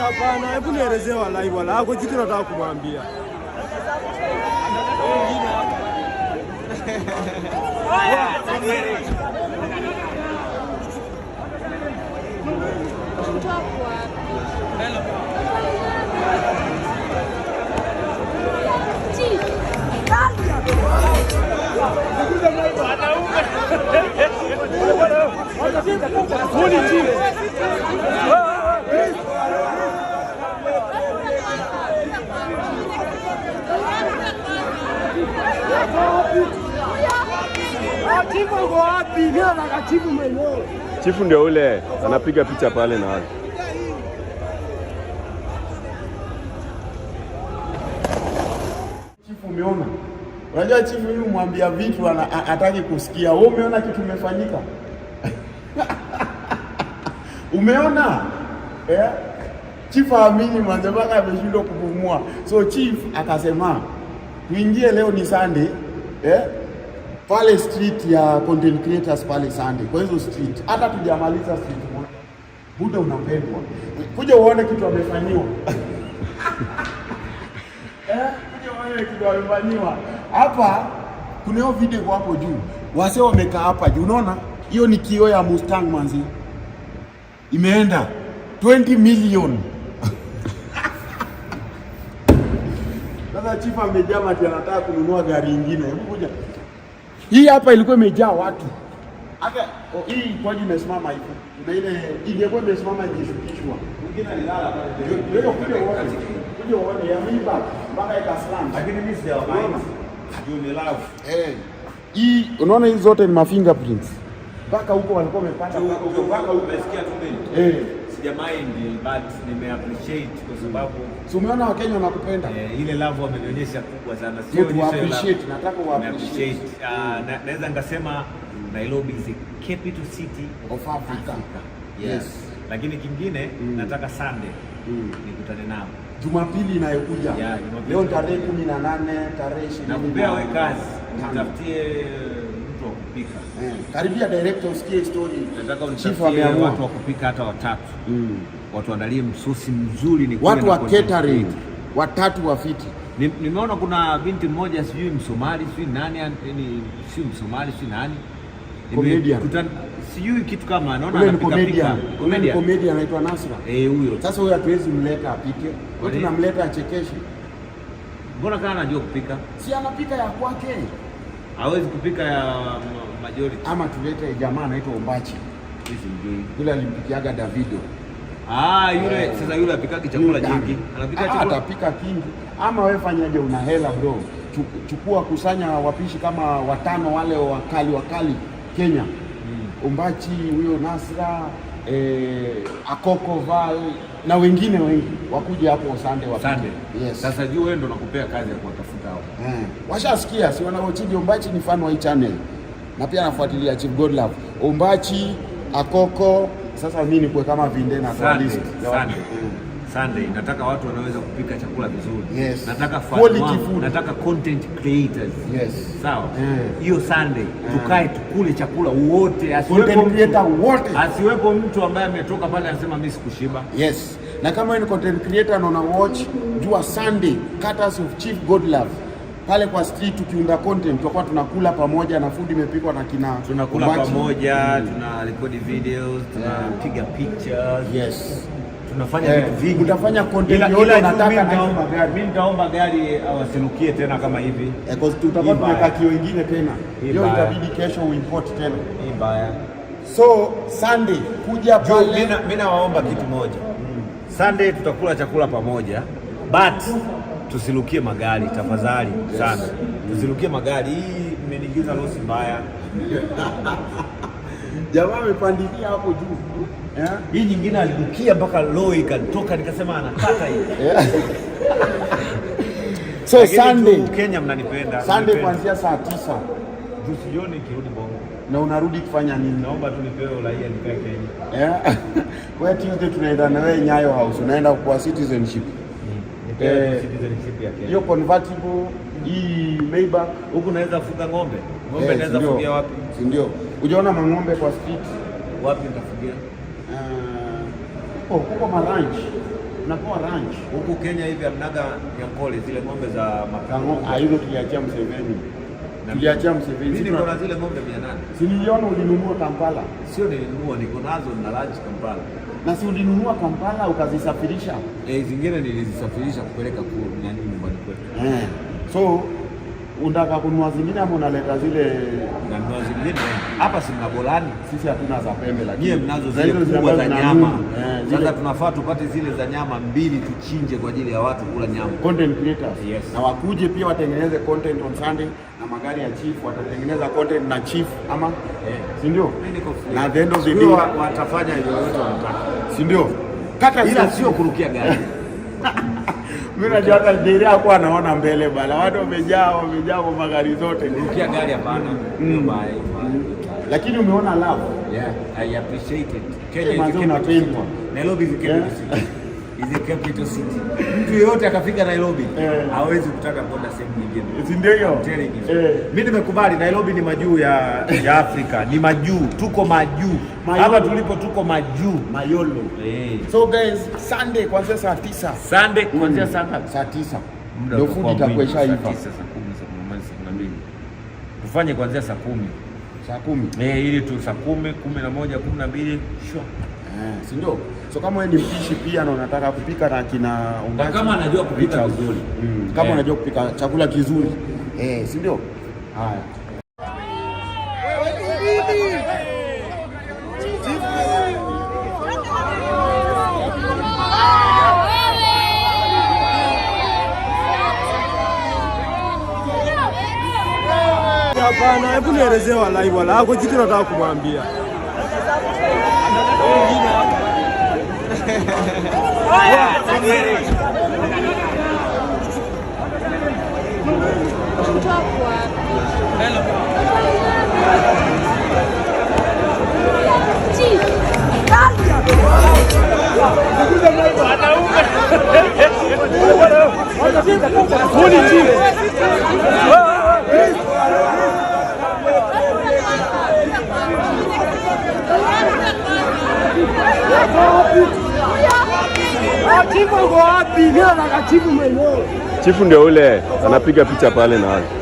Hapana, hebu nielezee walai wala yako kitu nataka kumwambia. Chifu yuko wapi? Mimi nataka chifu mwenyewe. Chifu ndio ule anapiga picha pale na wale. Chifu umeona? Unajua chifu yule mwambia vitu hataki kusikia. Wewe umeona kitu kimefanyika? Umeona? Yeah. Chifu amini mwanzo mpaka ameshindwa kupumua. So chifu akasema tuingie leo ni Sunday. Yeah pale street ya content creators pale Sunday, kwa hizo street hata tujamaliza street moja, Buda unapendwa, kuja uone kitu amefanyiwa eh, kuja uone kitu hapa. Kuna hiyo video hapo juu, wase wamekaa hapa juu, unaona hiyo ni kio ya Mustang manzi, imeenda 20 million sasa. Chifa amejama anataka kununua gari nyingine, hebu kuja hii hapa ilikuwa imejaa watu. Aka, oh, hii kwa kwaje imesimama hivi? Na ile ingekuwa imesimama ikishukishwa. Mwingine alilala pale. Leo kuja uone. Kuja uone ya mimba mpaka ikaslam. Lakini mimi sijaona. Juu ni love. Eh. Hii unaona hizi zote ni mafingerprints. Mpaka huko walikuwa wamepata mpaka huko mpaka umesikia tu mimi. Eh sija mind but nime appreciate kwa sababu so umeona Wakenya wanakupenda eh, ile love wamenionyesha kubwa sana, sio appreciate, nataka wa appreciate. Ah, mm. Naweza ngasema Nairobi is the capital city of Africa. Yes. yes. Lakini kingine mm. nataka Sunday mm. nikutane nao Jumapili inayokuja. Yeah, leo tarehe 18 tarehe 20. Nakupea wewe kazi, nitafutie mm kupika. Eh, karibia director usikie story. Nataka unitafutie watu wa kupika hata watatu. Mm. Watu waandalie msosi mzuri ni watu wa catering. Watatu wafiti. Nimeona kuna binti mmoja sijui Msomali sijui nani ni sijui Msomali sijui nani. Comedian. Sijui kitu kama naona anapika pika. Comedian. Comedian anaitwa Nasra. Eh, huyo. Sasa huyo hatuwezi mleta apike. Tunamleta achekeshe. Mbona kana anajua kupika? Si anapika ya kwake hawezi kupika ya majority. Ama tulete jamaa anaitwa Ombachi yule alimpikiaga Davido. Ah, yule yeah. Sasa yule apikaga chakula kingi, anapika ah, chakula atapika kingi. Ama wewe fanyaje? Una hela bro, chukua kusanya wapishi kama watano wale wakali wakali Kenya, mm. Ombachi huyo Nasra e, Akoko Val na wengine wengi wakuja hapo Sande wa Sande. Yes. Sasa juu wewe ndo nakupea kazi ya kuwatafuta hao. Mm. Washasikia si wanaochiji Ombachi ni fan wa hii channel. Na pia nafuatilia Chief Godlove. Ombachi, Akoko, sasa mimi ni kwa kama vinde na list. Asante. Hmm. Sunday, nataka watu wanaweza kupika chakula vizuri. Yes. Nataka Nataka content creators. Yes. Sawa. Eh. Hiyo mm. Sunday mm. tukae tukule chakula wote, asiwepo mtu ambaye ametoka pale anasema mimi sikushiba. Yes. Na kama ni content creator na una watch jua Sunday Cutters of Chief Godlove pale kwa street tukiunda content tutakuwa tunakula pamoja na food imepikwa na kina tunakula pamoja, mm. tuna record videos, tunapiga pictures. Yes tunafanya eh, vitu yeah. vingi, utafanya content yote unataka. na Mimi nitaomba gari awasirukie tena kama hivi, because eh, yeah, tutakuwa tumeweka kio wengine tena, hiyo itabidi kesho uimport tena. mbaya. So Sunday kuja pale, mimi mimi nawaomba kitu moja, mm. Sunday tutakula chakula pamoja but tusirukie magari tafadhali sana, yes. tusirukie magari. Hii mmeniingiza losi mbaya Jamaa amepandilia hapo juu. Eh? Hii nyingine alibukia mpaka low ikatoka, nikasema anakata hii. So Sunday Kenya mnanipenda. Sunday kuanzia saa tisa jioni kirudi Bongo. Na unarudi kufanya nini? Naomba tu nipewe uraia nikae Kenya. Yeah. Wewe Tuesday tunaenda na wewe Nyayo House, unaenda kwa citizenship. Mm. Eh, citizenship ya Kenya. Hiyo convertible hii Maybach huko naweza kufuga ng'ombe. Ng'ombe eh, naweza kufugia wapi? si ndio? Ujaona mang'ombe kwa street. Wapi mtafugia? Ah, huko huko maranchi, unakuwa ranch huku Kenya hivi, amnaga yankole zile ng'ombe za makao. Ah, hizo tuliachia Mseveni, tuliachia Mseveni. Mimi niko na zile ng'ombe 800. Si niliona ulinunua Kampala? Sio, nilinunua, niko nazo na ranch Kampala na si ulinunua Kampala ukazisafirisha? Eh, zingine nilizisafirisha kupeleka nyumbani kwetu. Eh. So Unataka kununua zingine ama unaleta zile? Nanunua zingine hapa, si mna bolani? Sisi hatuna za pembe, lakini mnazo zile kubwa za nyama. Eh, Sasa tunafaa tupate zile za nyama mbili tuchinje kwa ajili ya watu kula nyama, content creators. Yes. Na wakuje pia watengeneze content on Sunday na magari ya chief watatengeneza content na chief ama eh, si ndio? Na the end of the day watafanya yoyote wanataka, si ndio? Kata ila sio kurukia gari mimi najua hata Nigeria hakuwa anaona mbele bana, watu wamejaa, wamejaa kwa magari zote. Ukia gari hapana, mm. lakini umeona love. Yeah, I appreciate it. Kenya is a Nairobi is a city is a capital city. Mtu yeyote akafika Nairobi eh. hawezi kutaka kwenda sehemu nyingine, ndio eh. mimi nimekubali. Nairobi ni majuu ya ya Afrika, ni majuu, tuko majuu hapa tulipo, tuko majuu mayolo. Eh. So guys, Sunday kuanzia saa tisa, Sunday mm. kuanzia saa saa tisa ndio fundi itakuesha hivi tufanye kuanzia saa kumi saa kumi eh, ili tu saa kumi kumi na moja kumi na mbili sure, si ndio? So kama wewe ni mpishi pia na unataka kupika na kina ungaji, kama anajua kupika vizuri mm, kama anajua eh. yeah, kupika chakula kizuri eh. eh, si ndio? Haya. Hapana, hebu nielezee walai wala hako kitu nataka kumwambia Trung cho của Đây là Chị Chị Chifu ndio ule anapiga picha pale na wale